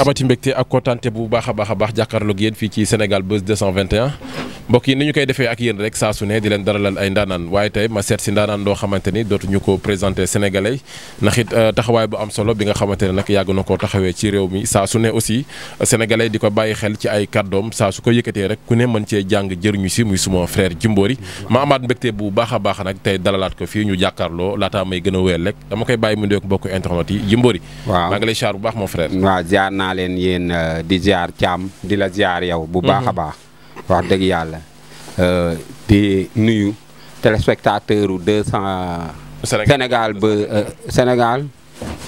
amati mbégte ak kontante bu baax a baax a baax jàkkaarloog yéen fii ci Sénégal Buzz 221 ni ñu koy defee ak yéen rek saa su ne di leen daralal ay ndaanaan waaye tey ma seet si ndaanaan loo xamante ni ñu ko présenté sénégalais ndax it euh, taxawaay bu am solo bi nga xamante ne nag yàgg na koo taxawee ci réew mi saa su ne aussi euh, sénégalais di ko bàyyi xel ci ay kàddoom saa su ko yëkkatee rek ku ne mën cee jàng jëriñu si muy suma frère Jimbori ma amaat bu baax a baax nag tey dalalaat ko fii ñu jàkkaarloo laataa may gën a wéyal rek dama koy bàyyi mu ndeek mbokk internet yi Jimbori maa ngi lay baax mon frère naa leen yéen euh, di ziar caam di la ziar yow. bu baax a mhm. baax wax dëgg yàlla euh, di nuyu téléspectateur u deux cent. Sénégal ba euh, Sénégal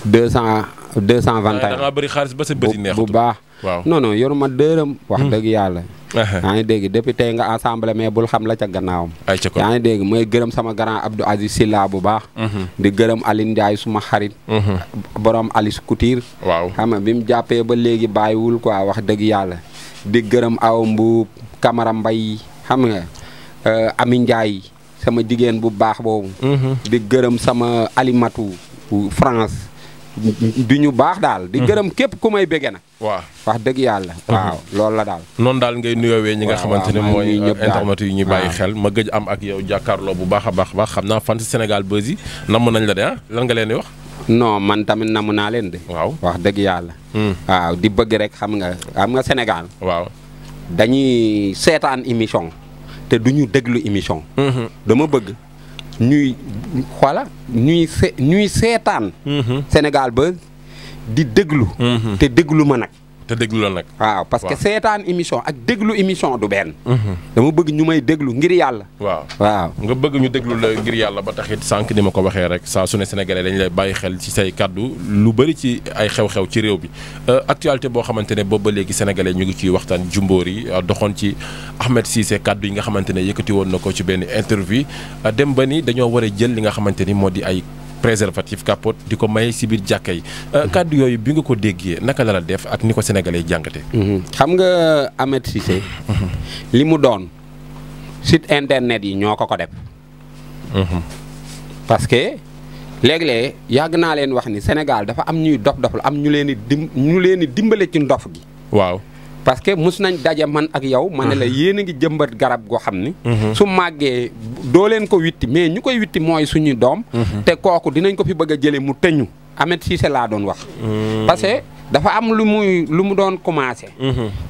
deux cent deux cent vingt et ba sa bu baax. waaw non non yoruma dërëm. wax hmm. dëgg yàlla. yaa ngi dégg depuis tey nga assemblée mais bul xam la ca gannaawam. yaa ngi dégg may gërëm sama grand Abdou Aziz Silla bu baax. Hmm. di gërëm Aline Ndiaye suma xarit. Hmm. boroom Alice Couture. waaw xam nga bi mu jàppee ba léegi bàyyiwul quoi wax dëgg yàlla. di gërëm aw mbuub Camara Mbay xam nga euh, Ami Ndiaye sama jigéen bu baax boobu. di gërëm sama alimatu France. du ñu baax daal. di gërëm képp ku may bëgge nag. waaw wax dëgg yàlla. waaw loolu la daal. noonu daal ngay nuyoo nuyoowee ñi nga xamante ne mooy internet yu ñu bàyyi xel ma gëj am ak yow jàkkaarloo bu baax a baax baax xam naa fan senegal Sénégal Buzz nañ la de ah nga leen di wax. no man tamit namm naa leen de. waaw wax dëgg yàlla. Hmm. waaw di bëgg rek xam nga am nga senegal waaw dañuy seetaan émission te du ñu déglu émission. dama bëgg. ñuy xoola ñuy ñuy seetaan. Mm-hmm. Sénégal ba di déglu. Mm-hmm. te déglu ma nag. te déglu la nag. waaw parce que seetaan émission ak déglu émission du benn. Mhm. dama bëgg ñu may déglu ngir yàlla. waaw nga bëgg ñu déglu la ngir yàlla ba taxit sànq ni ma ko waxee rek sa su ne sénégalais dañu lay bàyyi xel ci say kàddu lu bëri ci ay xew-xew ci réew bi euh, actualité boo xamante ne boobu ba léegi sénégalais ñu ngi ciy waxtaan jumboor yi euh, doxoon ci Ahmed Cissé kàddu yi nga xamante ne yëkkati woon na ko ci benn interview euh, dem ba ni dañoo war a jël li nga xamante ni moo di ay. préservatif capote di ko may si biir jàkka yi. Euh, kàddu yooyu bi nga ko déggee naka la la def ak ni ko sénégalais jàngate. Mhm. xam nga Ahmed Cissé. Mhm. li mu doon site internet yi ñoo ko ko def. Mhm. parce que léeg-léeg yàgg naa leen wax ni Sénégal dafa am ñuy dof dof la am ñu leen di ñu leen di dimbale ci ndof gi. waaw parce que mus nañ daje man ak yow. ma ne la mhm. yéen a ngi jëmbat garab goo xam ni. Mhm. su màggee doo leen ko witti mais ñu koy witti mooy suñuy doom. Mhm. te kooku dinañ ko fi bëgg a jëlee mu tëñu Ahmed Cissé laa doon wax. parce que dafa am lu muy lu mu doon commencé.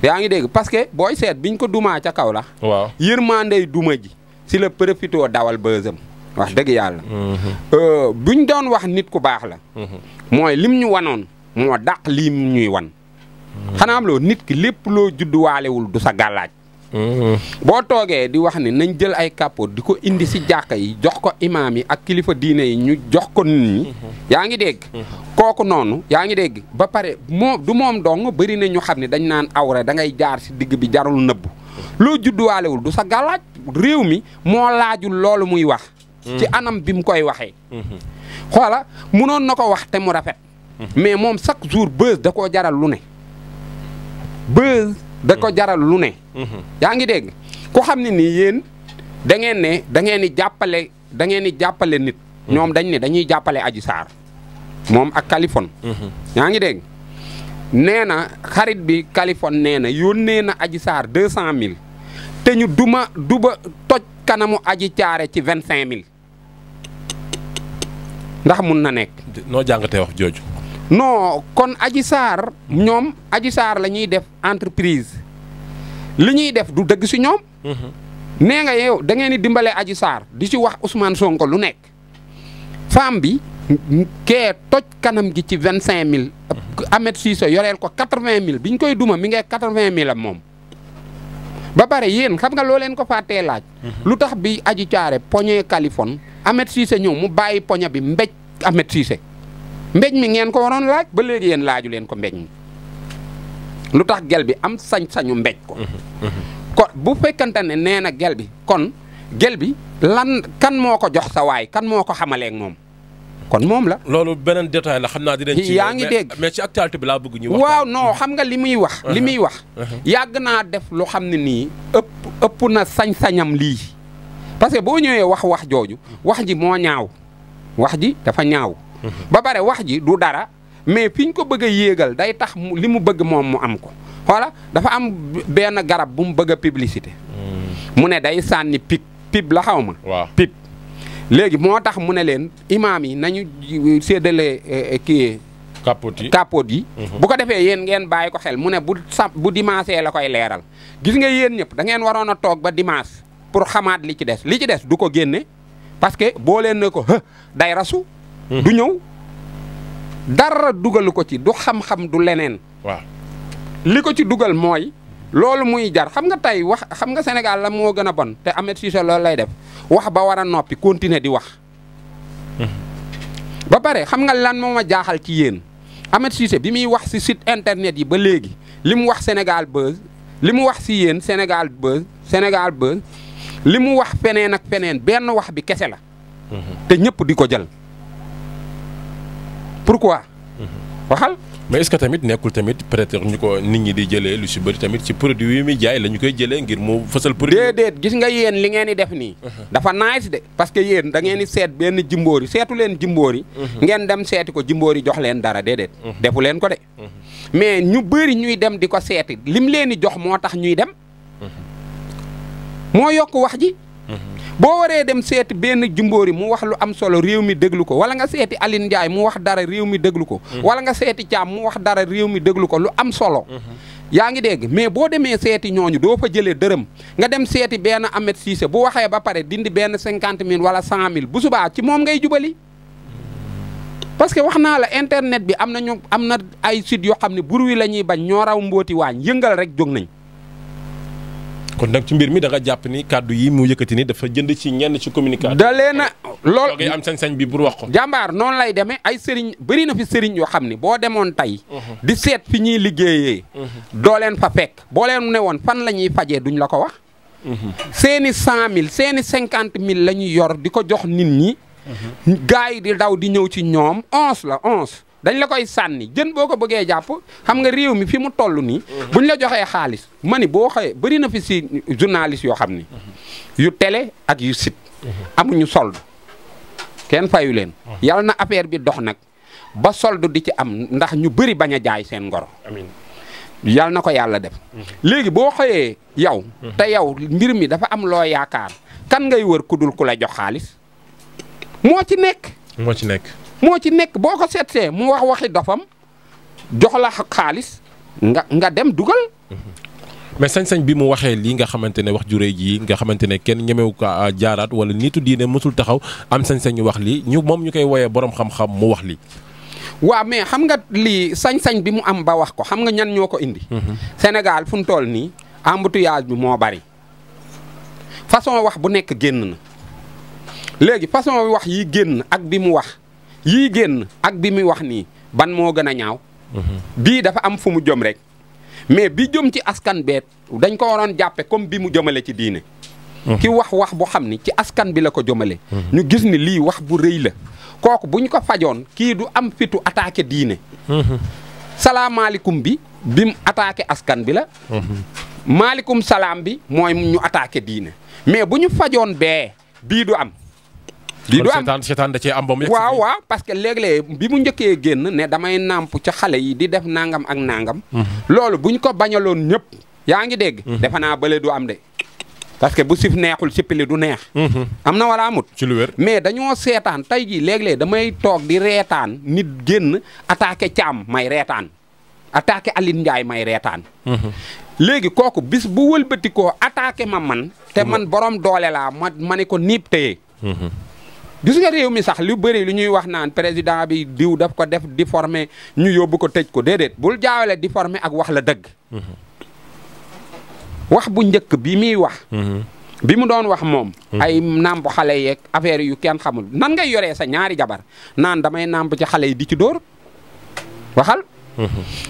yaa ngi dégg parce que booy seet bi biñ ko dumaa ca kaw la. waaw yërmandey duma ji si la profité dawal bësam. wax dëgg yàlla. Euh, buñ doon wax nit ku baax la. mooy lim ñu wanoon moo dàq lim ñuy wan. xanaa am loo nit ki lépp loo judduwaalewul du sa gàllaaj mm-hmm. boo toogee di wax ni nañ jël ay kàppoot di ko indi si jàkka yi jox ko imaam yi ak kilifa diine yi ñu jox ko nit ñi. Mm-hmm. yaa ngi dégg. Mm-hmm. kooku noonu yaa ngi dégg ba pare moom du moom dong bëri na ñu xam ne dañ naan awra da ngay jaar si digg bi jarul nëbb loo judduwaalewul du sa gàllaaj réew mi moo laajul loolu muy wax. ci anam bi mu koy waxee. xoola munoon na ko wax te mu rafet. mais moom chaque jour bës da koo jaral lu ne. buzz da ko mm. jaral lu ne. Mm-hmm. yaa ngi dégg ku xam ne nii yéen da ngeen ne da ngeen di jàppale da di jàppale nit. Mm-hmm. ñoom dañ ne dañuy jàppale Adji saar moom ak Kaliphone. Mm-hmm. yaa ngi dégg nee na xarit bi Kaliphone nee na yónnee na Adji saar deux cent mille te ñu duma duba toj kanamu Adji caare ci vingt cinq mille ndax mun na nekk. noo jàngatee wax jooju. non kon Adji Sarr ñoom Adji Sarr la ñuy def entreprise li ñuy def du dëgg si ñoom. Mhm. nee nga yow da ngeen di dimbale Adji Sarr di ci wax Ousmane Sonko lu nekk femme bi kee toj kanam gi ci vingt cinq mille. Mhm. Ahmed Cissé yoreel ko quatre vingt mille bi ñu koy duma mi ngi quatre vingt mille moom. ba pare yéen xam nga loo leen ko fàttee laaj. Mhm. lu tax bi Adji Thiaré poñee Californie Ahmed Cissé ñëw mu bàyyi poña bi mbéj Ahmed Cissé. mbeñ mi ngeen ko waroon laaj ba léegi yéen laaju leen ko mbéj mi lu tax gel bi am sañ-sañu mbéj ko. Mhm, mhm. bu fekkante ne nee na gel bi kon gel bi lan kan moo ko jox sa waay kan moo ko xamaleek moom. kon moom la. loolu beneen détail la xam naa dinañ ci ngi dégg mais ci bi laa bëgg ñu waaw non xam nga muy wax. li muy wax. Mhm. yàgg naa def lu xam ne nii ëpp ëpp na sañ-sañam lii parce que boo ñëwee wax wax jooju wax ji moo ñaaw wax ji dafa ñaaw. ba pare wax ji du dara mais fi ñu ko bëgg a yéegal day tax li mu bëgg moom mu am ko xoola dafa am benn garab bu mu bëgg a publicité. Mm. mu ne day sànni pip pip la xaw ma. waaw pip léegi moo tax mu ne leen imaam yi nañu séddale eh, eh, kii. capote yi yi. Mm-hmm. bu ko defee yéen ngeen bàyyi ko xel mu ne bu sa bu dimanche la koy leeral gis nga yéen ñëpp da ngeen waroon a toog ba dimanche pour xamaat li ci des li ci des du ko génne parce que boo leen ne ko day rasu. Mm-hmm. du ñëw dara dugalu ko ci du xam-xam du leneen. waaw li ko ci dugal mooy. loolu muy jar xam nga tey wax xam nga Sénégal la moo gën a bon te Ahmed Cissé loolu lay def wax ba war a noppi continuer di wax. Mm-hmm. ba pare xam nga lan moo ma jaaxal ci yéen Ahmed Cissé bi muy wax si site internet yi ba léegi li mu wax Sénégal Buzz li mu wax si yéen Sénégal Buzz Sénégal Buzz li mu wax feneen ak feneen benn wax bi kese la. Mm-hmm. te ñëpp di ko jël. pourquoi. Mhm. waxal mais est-ce tamit nekkul tamit peut-être ñu ko nit ñi di jëlee lu si bëri tamit ci produit yi muy jaay la ñu koy jëlee ngir mu fësal. produit déedéet gis nga yéen li ngeen di def nii. Uh-huh. dafa nice de parce que yéen da ngeen di seet benn jimboori seetu leen jimboori. Uh-huh. ngeen dem seeti ko jimboori jox leen dara déedéet. Uh-huh. defu leen ko de. mais ñu bëri ñuy dem di ko seeti lim leen di jox moo tax ñuy dem. moo yokk wax ji. boo waree dem seeti benn jumboori mu wax lu am solo réew mi déglu ko wala nga seeti Aline Ndiaye mu wax dara réew mi déglu ko. Mm-hmm. wala nga seeti Thiam mu wax dara réew mi déglu ko lu am solo. Mm-hmm. yaa ngi dégg mais boo demee seeti ñooñu doo fa jëlee dërëm nga dem seeti benn Ahmed Cissé bu waxee ba pare dindi benn cinquante mille wala cent mille bu subaa ci moom ngay jubali. parce que wax naa la internet bi am na ñu am na ay sites yoo xam ne buru wi la ñuy bañ ñoo raw waañ yëngal rek jóg nañ. kon nag ci mbir mi da jàpp ni kàddu yi mu yëkkati ni dafa jënd ci ñenn ci communication. da leen a lool ngay am sañ-sañ bi pour wax ko. jàmbaar noonu lay demee ay sëriñ bëri na fi sëriñ yoo xam ne boo demoon tey. Mhm. di seet fi ñuy liggéeyee. Mhm. doo leen fa fekk boo leen ne woon fan la ñuy fajee duñ la ko wax. Mhm. seeni cent mille seeni cinquante mille la ñuy yor di ko jox nit ñi. gars yi di daw di ñëw ci ñoom onze la onze. dañ la koy sànni jën boo ko bëggee jàpp xam nga réew mi fi mu toll nii. Mhm. buñ la joxee xaalis ma ni boo xëyee bari na fi si journaliste yoo xam ni. Mhm. yu tele ak yu sit mhm. amuñu solde kenn fayu leen. yal na affaire bi dox nag ba solde di ci am ndax ñu bëri bañ a jaay seen ngoro. amiin na ko yàlla def. léegi boo xayee yow. te yow mbir mi dafa am loo yaakaar kan ngay wër ku dul ku la jox xaalis moo ci nekk. moo ci nekk. moo ci nekk boo ko seetsee mu wax waxi dofam jox la xaalis nga nga dem dugal. mais sañ-sañ bi mu waxee lii nga xamante ne wax juree ji nga xamante ne kenn ñemewu ko ah, jaaraat wala nitu diine mosul taxaw am sañ sañu wax lii ñu moom ñu koy woyee boroom xam-xam mu wax lii. waa mais xam nga lii sañ-sañ bi mu am ba wax ko xam nga ñan ñoo ko indi. Mm-hmm. Sénégal fu mu toll nii embouteillage bi moo bari façon wax bu nekk génn na léegi façon wax yi génn ak bi mu wax. yii génn ak bi muy wax nii ban moo gën a ñaaw. bii dafa am fu mu jëm rek. mais bi jëm ci askan beet dañ ko waroon jàppe comme bi mu jëmale ci diine. Mhm. ki wax wax bu xam ni ci askan bi la ko jëmale. Mhm. ñu gis ni lii wax bu rëy la. kooku bu ñu ko fajoon kii du am fitu attaqué diine. Mhm. salaamaaleykum bi bim attaqué askan bi la. maaleykum salaam bi mooy ñu attaqué diine mais bu ñu fajoon bee bii du am. lii du am seetaan da cee am ba waaw waaw parce que léeg bi mu njëkkee génn ne damay nàmp ca xale yi di def nangam ak nangam. Mhm. loolu bu buñ ko bañaloon ñëpp. yaa ngi dégg. Mhm. defe naa lee du am de. parce que bu sif neexul sippili du neex. Mhm. am na wala amut. ci lu mais dañoo seetaan tey jii léeg-léeg damay toog di reetaan nit génn attaqué Thiam may reetaan attaqué Aline Ndiaye may reetaan. léegi kooku bis bu wëlbatikoo attaqué ma man. te man borom doole laa ma ma ne ko niib téye. gis nga réew mi sax lu bëri lu ñuy wax naan président bi diw daf ko def di former ñu yóbbu ko tëj ko déedéet bul jaawale di former ak wax la dëgg. Mm-hmm. wax bu njëkk bi muy wax. Mm-hmm. bi mu doon wax moom. Mm-hmm. ay nàmp xale yeeg affaire yu kenn xamul nan ngay yoree sa ñaari jabar naan damay nàmp ci xale yi di ci dóor waxal.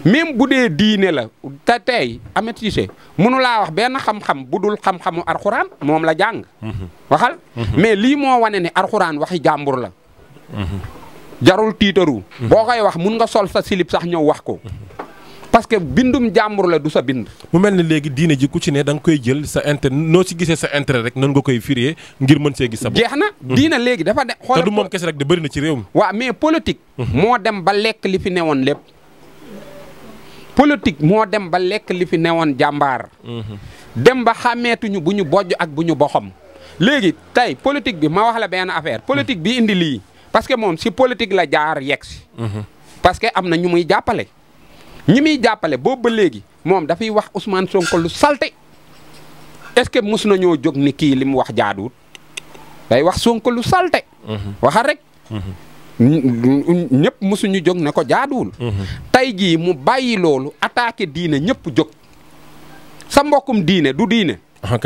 même bu dee diine la te tey Ahmed Cissé mënu laa wax benn xam-xam bu dul xam-xamu arxuraan moom la jàng. waxal mais lii moo wane ne arxuraan waxi jàmbur la. jarul tiitaru. boo koy wax mun nga sol sa silib sax ñëw wax ko. parce que bindum jàmbur la du sa bind. mu mel ni léegi diine ji ku ci ne da nga koy jël sa intérêt noo ci gisee sa intérêt rek nan nga koy firee ngir mën see gis sa bopp. jeex na mhm. diine léegi dafa de. xoolal du moom kese rek de bëri na ci réew mi. waaw mais politique. Mhm. moo dem ba lekk li fi newoon lépp. politique moo dem ba lekk li fi woon jàmbaar. dem ba xàmmeetuñu bu ñu bojj ak bu ñu boxam. léegi tey politique bi ma wax la benn affaire politique bi indi lii parce que moom si politique la jaar yegg si. que am na ñu muy jàppale. ñi muy jàppale boobu ba léegi moom dafay wax Ousmane Sonko lu salte est-ce que mus nañoo jóg ni kii li mu wax jaaduwut day wax Sonko lu salte. Mhm. waxal rek. Mhm. ñëpp mosuñu jóg ne ko jaaduwul. Mhm. tey jii mu bàyyi loolu attaqué diine ñëpp jóg sa mbokkum diine du diine. ok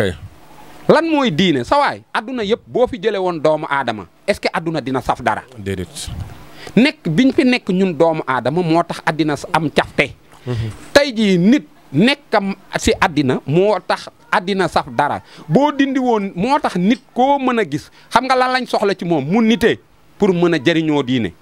lan mooy diine sa waay adduna yëpp boo fi jëlee woon doomu aadama est-ce que adduna dina saf dara. déedéet. nekk biñ fi nekk ñun doomu aadama moo tax addina am cafte. Mhm. tey jii nit nekkam si addina moo tax addina saf dara boo dindi woon moo tax nit koo mën a gis xam nga lan lañ soxla ci moom mu nite pour mën a jariñoo diine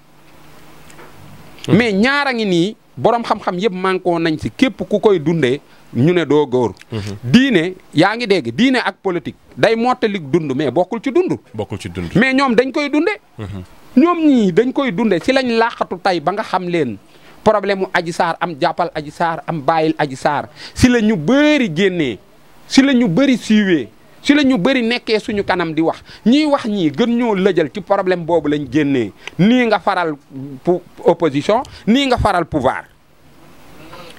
hmm. mais ñaara ngi nii borom xam-xam yëpp mànkoo nañ si képp ku koy dundee ñu ne doo góor. Hmm. diine yaa ngi dégg diine ak politique day mottalik dund mais bokkul ci dund. bokkul ci dund mais ñoom dañ koy dunde hmm. ñoom ñii dañ koy dunde si lañ laaxatu tey ba nga xam leen problème mu aji saar am jàppal aji saar am bàyyil aji saar si la ñu bëri génnee si la ñu bëri siiwee. si la ñu bëri nekkee suñu kanam di wax ñiy wax ñii gën ñoo lëjal ci problème boobu lañ génnee nii nga faral opposition nii nga faral pouvoir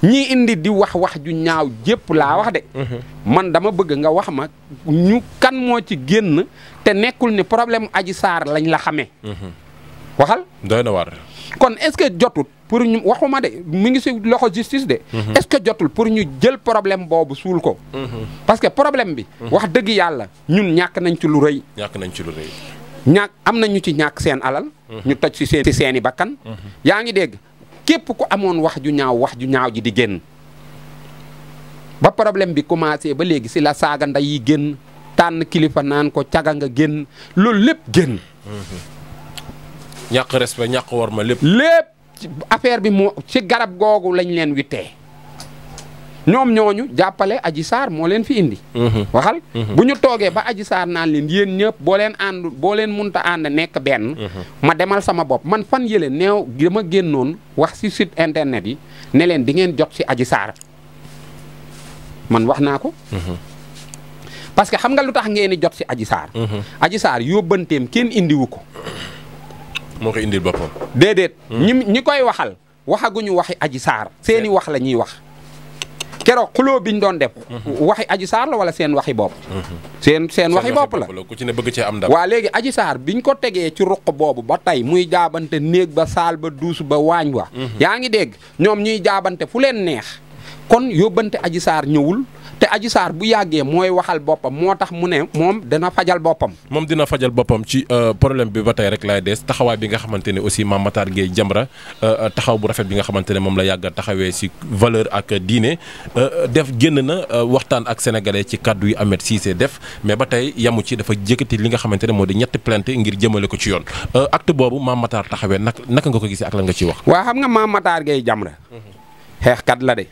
ñii indi di wax wax ju ñaaw jépp laa wax de. Mm-hmm. man dama bëgg nga wax ma ñu kan moo ci génn te nekkul ne problème aji saar lañ la xamee. Mm-hmm. waxal doy na war kon est jotut. pour ñu waxuma de mu ngi si loxo justice de. Mhm. est-ce que jotul pour ñu jël problème boobu suul ko. Mhm. parce que problème bi. Mhm. wax dëgg yàlla ñun ñàkk nañ ci lu rëy. ñàkk nañ ci lu rëy. am na ñu ci ñàkk seen alal. ñu toj si seen si bakkan. yaa ngi dégg képp ku amoon wax ju ñaaw wax ju ñaaw ji di génn. ba problème bi commencé ba léegi si la saaga nday yi génn tànn kilifa naan ko caga nga génn loolu lépp génn. ñàkk respect ñàkk war ma lépp. lépp affaire bi moo ci garab googu lañ leen wittee ñoom ñooñu jàppale aji saar moo leen fi indi. Mhm. waxal mhm. bu ñu toogee ba aji saar naan leen yéen ñëpp boo leen ànd boo leen munta ànd nekk benn. Mhm. ma demal sama bopp man fan yële neew dama génnoon wax ci site internet yi ne leen di ngeen jot ci aji saar man wax naa ko. parce que xam nga lu tax ngeen di jot ci aji saar. aji saar yóbbanteem kenn indiwu ko. moo ko indil boppam. déedéet. Hmm. ñi ñi koy waxal waxaguñu waxi aji saar. seeni wax la ñuy wax. keroog xuloo biñ doon def. Hmm. waxi aji saar la wala seen waxi bopp. Hmm. seen seen waxi bopp la ku ci ne bëgg cee am ndam. waa léegi aji saar biñ ko tegee ci ruq boobu ba tey muy jaabante néeg ba saal ba duus ba waañ wa. yaa ngi dégg ñoom ñuy jaabante fu leen neex. kon yóbbante aji saar ñëwul te aji saar bu yàggee mooy waxal boppam moo tax mu ne moom dana fajal boppam. moom dina fajal boppam ci euh, problème bi ba tey rek laay des taxawaay bi nga xamante ne aussi Mame Matar Gueye Jamra euh, euh, taxaw bu rafet bi nga xamante ne moom la yàgg taxawee ci valeur ak diine def génn na waxtaan ak sénégalais ci kàddu yi Ahmed Cissé def mais ba tey yamu ci dafa jëkkati li nga xamante ne moo di ñetti plainte ngir jëmale ko ci yoon acte boobu Mame Matar taxawee naka naka nga ko gisee ak lan nga ci wax. waaw xam nga Mame Matar Gueye Jamra mhm. xeexkat la de.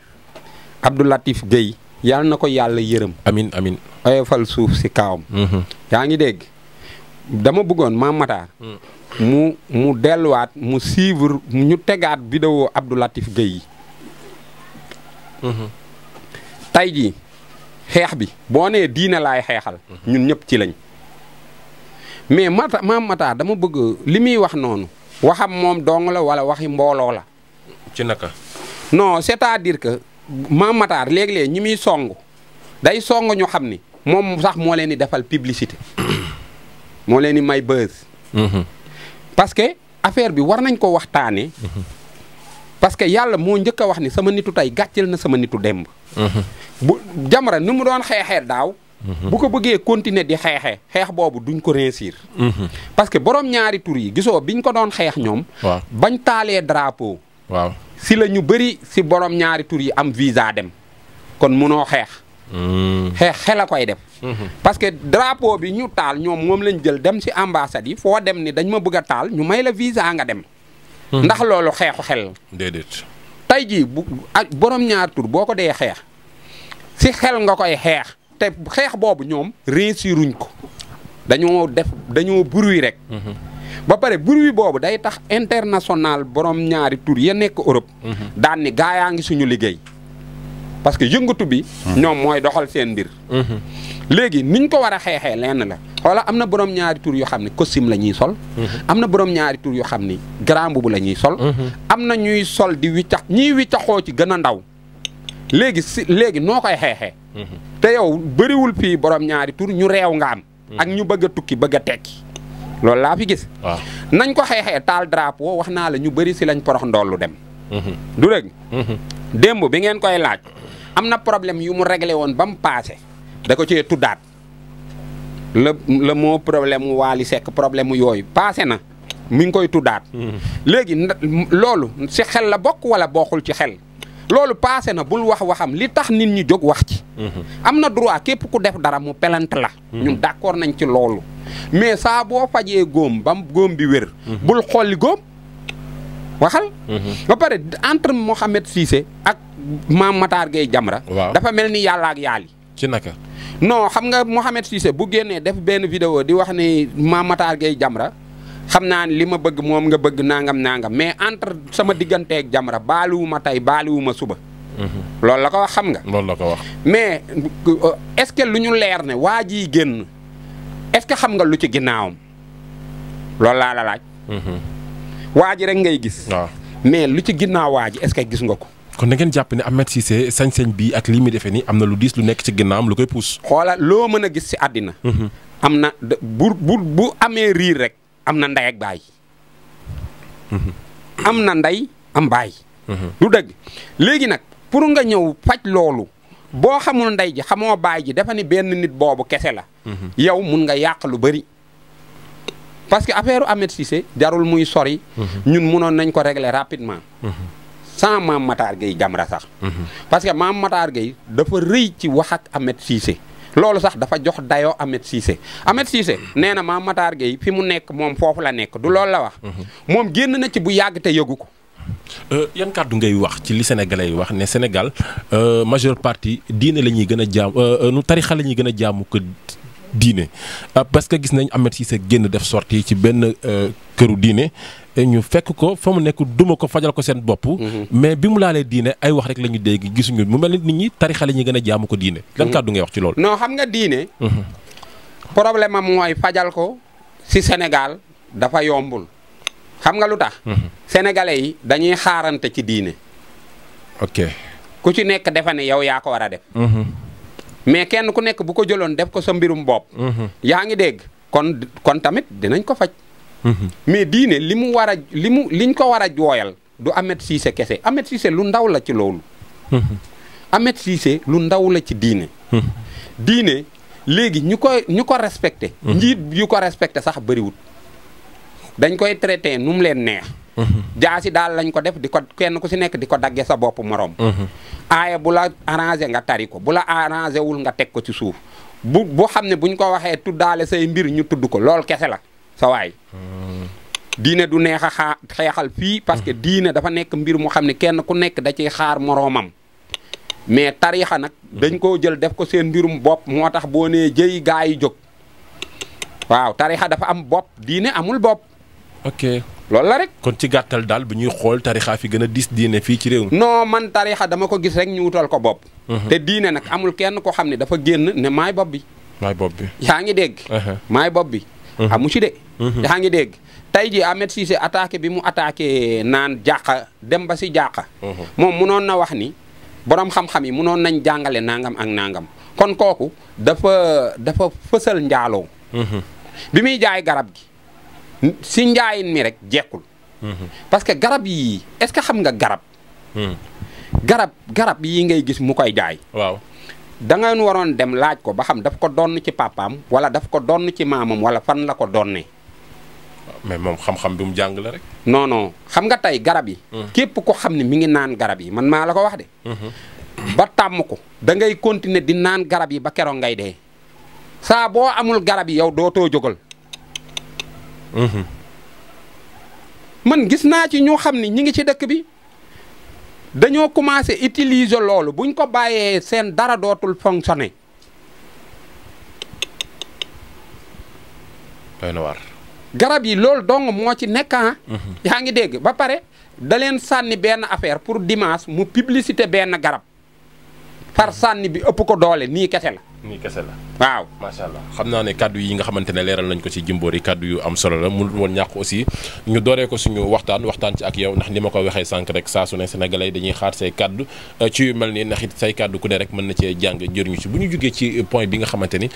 Abdou Latif géy yàlla na ko yàlla yërëm. amin amin oyofal suuf si kaawam. Mhm. yaa ngi dégg dama bëggoon Mame Matar. Mm. mu mu delluwaat mu suivre ñu tegaat vidéo Abdou Latif Guèye yi. Mhm. tey jii xeex bi boo nee diina laay xeexal. Mhm. ñun ñëpp ci lañ. mais Mata Mame Matar dama bëgg li muy wax noonu. waxam moom dong la wala waxi mbooloo la. ci naka. non cest à maam mataar léeg-léeg ñi muy song day song ñu xam ni moom sax moo leen di defal publicité moo leen di may buzz. Mhm. parce que affaire bi war nañ ko waxtaanee. Mhm. parce que yàlla moo njëkk a wax ni sama nitu tey gàcceel na sama nitu demb. Mhm. bu Jamra ni mu doon xeexee daaw. bu ko bëggee continuer di xeexee xeex boobu duñ ko réussir. parce que borom ñaari tur yi gisoo biñ ko doon xeex ñoom. bañ taalee drapeau. si la ñu bëri si borom ñaari tur yi am visa dem kon munoo xeex. Hmm. xeex xel a koy def. Hmm. parce que drapeau bi ñu taal ñoom moom lañ jël dem si ambassade yi foo dem ni dañ ma bëgg a taal ñu may la visa nga dem. Hmm. ndax loolu xeexu xel. déedéet. tey jii bu ak borom ñaari tur boo ko dee xeex si xel nga koy xeex te xeex boobu ñoom réussiruñ ko dañoo def dañoo rek. ba pare bruit boobu day tax international borom ñaari tur ya nekk Europe. Mhm. daan ni gaa yaa ngi suñu liggéey. parce que yëngatu bi. Mhm. ñoom mooy doxal seen mbir. Mhm. léegi niñ ko war a xeexee lenn la xoola am na borom ñaari tour yoo xam ne costume la ñuy sol. am na borom ñaari tur yoo xam ni grand boubou la ñuy sol. am na ñuy sol di wiccax ñiy wiccaxoo ci gën a ndaw léegi si léegi noo koy xeexee. te yow bëriwul fii borom ñaari tour ñu reew nga am. ak ñu bëgg a tukki bëgg a tekki. loolu laa fi gis. nañ ko xeexee taal drapeau wax naa la ñu bëri si lañ porox ndollu dem. Mhm. du dëgg. Mhm. démb bi ngeen koy laaj am na problème yu mu réglé woon ba mu paase da ko cee tuddaat la la moo problème mu Waly Seck problème yooyu paase na mi ngi koy tuddaat. Mhm. léegi loolu si xel la bokk wala bokkul ci xel. loolu paase na bul wax waxam li tax nit ñi jóg wax ci. Mhm. am na droit képp ku def dara mu pelant la. Mhm. ñun d'accord nañ ci loolu. mais saa boo fajee góom bam góom bi wér. Mhm. bul xolli góom waxal. ba pare entre Mohamed Cissé ak maam Matar Gueye Jamra. dafa mel ni yàlla ak yaali. ci naka. non xam nga Mohamed Cissé bu génnee def benn vidéo di wax ni maam Matar Gueye Jamra. xam naa ne li ma bëgg moom nga bëgg nangam nangam mais entre sama diggante digganteeg Jamra baaliwuma tey baaliwuma suba. Mhm. loolu la ko wax xam nga. loolu la ko wax. mais euh, est-ce que lu ñu leer ne waa jii génn est-ce que xam nga lu ci ginnaawam loolu laa la laaj. Mhm. waa ji rek ngay gis. mais lu ci ginnaaw waa ji est-ce que gis nga ko. kon da ngeen jàpp ne Ahmed Cissé sañ-sañ bii ak lii muy defee nii am na lu diis lu nekk ci ginnaawam lu koy puus. xoola loo mën a gis ci àddina. Mhm. am na bu bu bu amee riir rek. am na ndey ak baay. am na ndey am baay. lu dëgg léegi nag pour nga ñëw faj loolu boo xamul ndey ji xamoo baay ji dafa ni benn nit boobu kese la. yow mun nga yàq lu bëri. parce que affaire Ahmed Cissé jarul muy sori. ñun munoon nañ ko régler rapidement. sans maam Matar Gueye Jamra sax. parce que maam Matar Gueye dafa rëy ci wax ak Ahmed loolu sax dafa jox dayoo Ahmed Cissé Ahmed Cissé nee na Mame Matar Gueye fi mu nekk moom foofu la nekk du loolu la wax. moom génn na ci bu yàgg te yëgu ko. Euh, yan kàddu ngay wax ci li sénégalais yi wax ne Sénégal euh, majeure parti diine la ñuy gën a jaam euh, nu tarixa la ñuy gën a jaamu que diine euh, parce que gis nañ Ahmed Cissé génn def sorti ci benn euh, këru diine ñu fekk ko fa mu nekk duma ko fajal ko seen bopp. Mhm. mais bi mu laalee diine ay wax rek lañu dégg gisuñu mu mel nit ñi tarixa la ñuy gën a jaamu ko diine. lan mhm. kàddu ngay wax ci loolu. non xam nga diine. Mhm. problème am mooy fajal ko si Sénégal dafa yombul xam nga lu tax. sénégalais yi dañuy xaarante ci diine. ok ku ci nekk defa ne yow yaa ko war a def. mais kenn ku nekk bu ko jëloon def ko sa mbirum bopp. Mhm. yaa ngi dégg kon kon tamit dinañ ko faj. Mhm. mais diine li mu war a li mu liñ ko war a jooyal du Ahmed Cissé kese Ahmed Cissé lu ndaw la ci loolu. Mhm. Ahmed Cissé lu ndaw la ci diine. diine léegi ñu ko ñu ko respecté. njiit yu ko respecté sax bëriwul. dañ koy traité nu mu leen neex. jaasi daal lañ ko def di ko kenn ku si nekk di ko daggee sa bopp morom. aaye bu la arrangé nga tari ko bu la arrangé wul nga teg ko ci suuf bu bu xam ne buñ ko waxee tuddaale say mbir ñu tudd ko lool kese la sa waay. diine du neex a xaa xeexal fii parce que diine dafa nekk mbir mu xam ne kenn ku nekk da ciy xaar moroomam mais tarixa nag dañ koo jël def ko seen mbirum bopp moo tax boo nee jëy gaa yi jóg waaw tarixa dafa am bopp diine amul bopp. loolu la rek. kon ci gàttal daal bu ñuy xool tarixa fi gën a dis diine fii ci réew mi. non man tarixa dama ko gis rek ñu wutal ko bopp. Mhm. te diine nag amul kenn ko xam ne dafa génn ne maay bopp bi. maay bopp bi yaa ngi dégg. Uh-huh. maay bopp bi. Mhm. amu ci de. Mhm. yaa ngi dégg tey jii Ahmed Cissé attaqué bi mu attaqué naan jàq dem ba si jàqa. moom munoon na wax ni boroom xam-xam yi munoon nañ jàngale nangam ak nangam kon kooku dafa dafa fësal njaaloo. bi muy jaay garab gi. si njaayin mi rek jekkul parce que garab yii est-ce que xam nga garab garab garab yii ngay gis mu koy jaay waaw da ngeen waroon dem laaj ko ba xam daf ko donn ci papaam wala daf ko donn ci maamam wala fan la ko donnee. mais moom xam-xam bi mu jàng la rek. non xam nga tey garab yi. Hmm. képp ko xam ne mi ngi naan garab yi man maa la ko wax de. Hmm. ba tàmm ko da ngay continuer di naan garab yi ba keroog ngay dee. saa boo amul garab yi yow dootoo jógal. man gis naa ci ñoo xam ni ñi ngi ci dëkk bi dañoo commencé utiliser loolu buñ ko bàyyee seen dara dootul fonctionner. garab yi loolu dong moo ci nekk ah. mhm. yaa ngi dégg ba pare da leen sànni benn affaire pour dimanche mu publicité benn garab par sànni bi ëpp ko doole nii kese la. nii kese la waaw macha allah xam naa ne kàddu yi nga xamante ne leeral nañ ko ci Jimbori kaddu yu am solo la mënul woon ñàkk aussi ñu dooree ko suñu waxtaan waxtaan ci ak yow ndax ni ma ko waxee sànq rek saa su ne sénégalais dañuy xaar say kàddu ci yu mel nii ndax it say kaddu ku ne rek mën na cee jàng jëriñu ci bu ñu jógee ci point bi nga xamante ni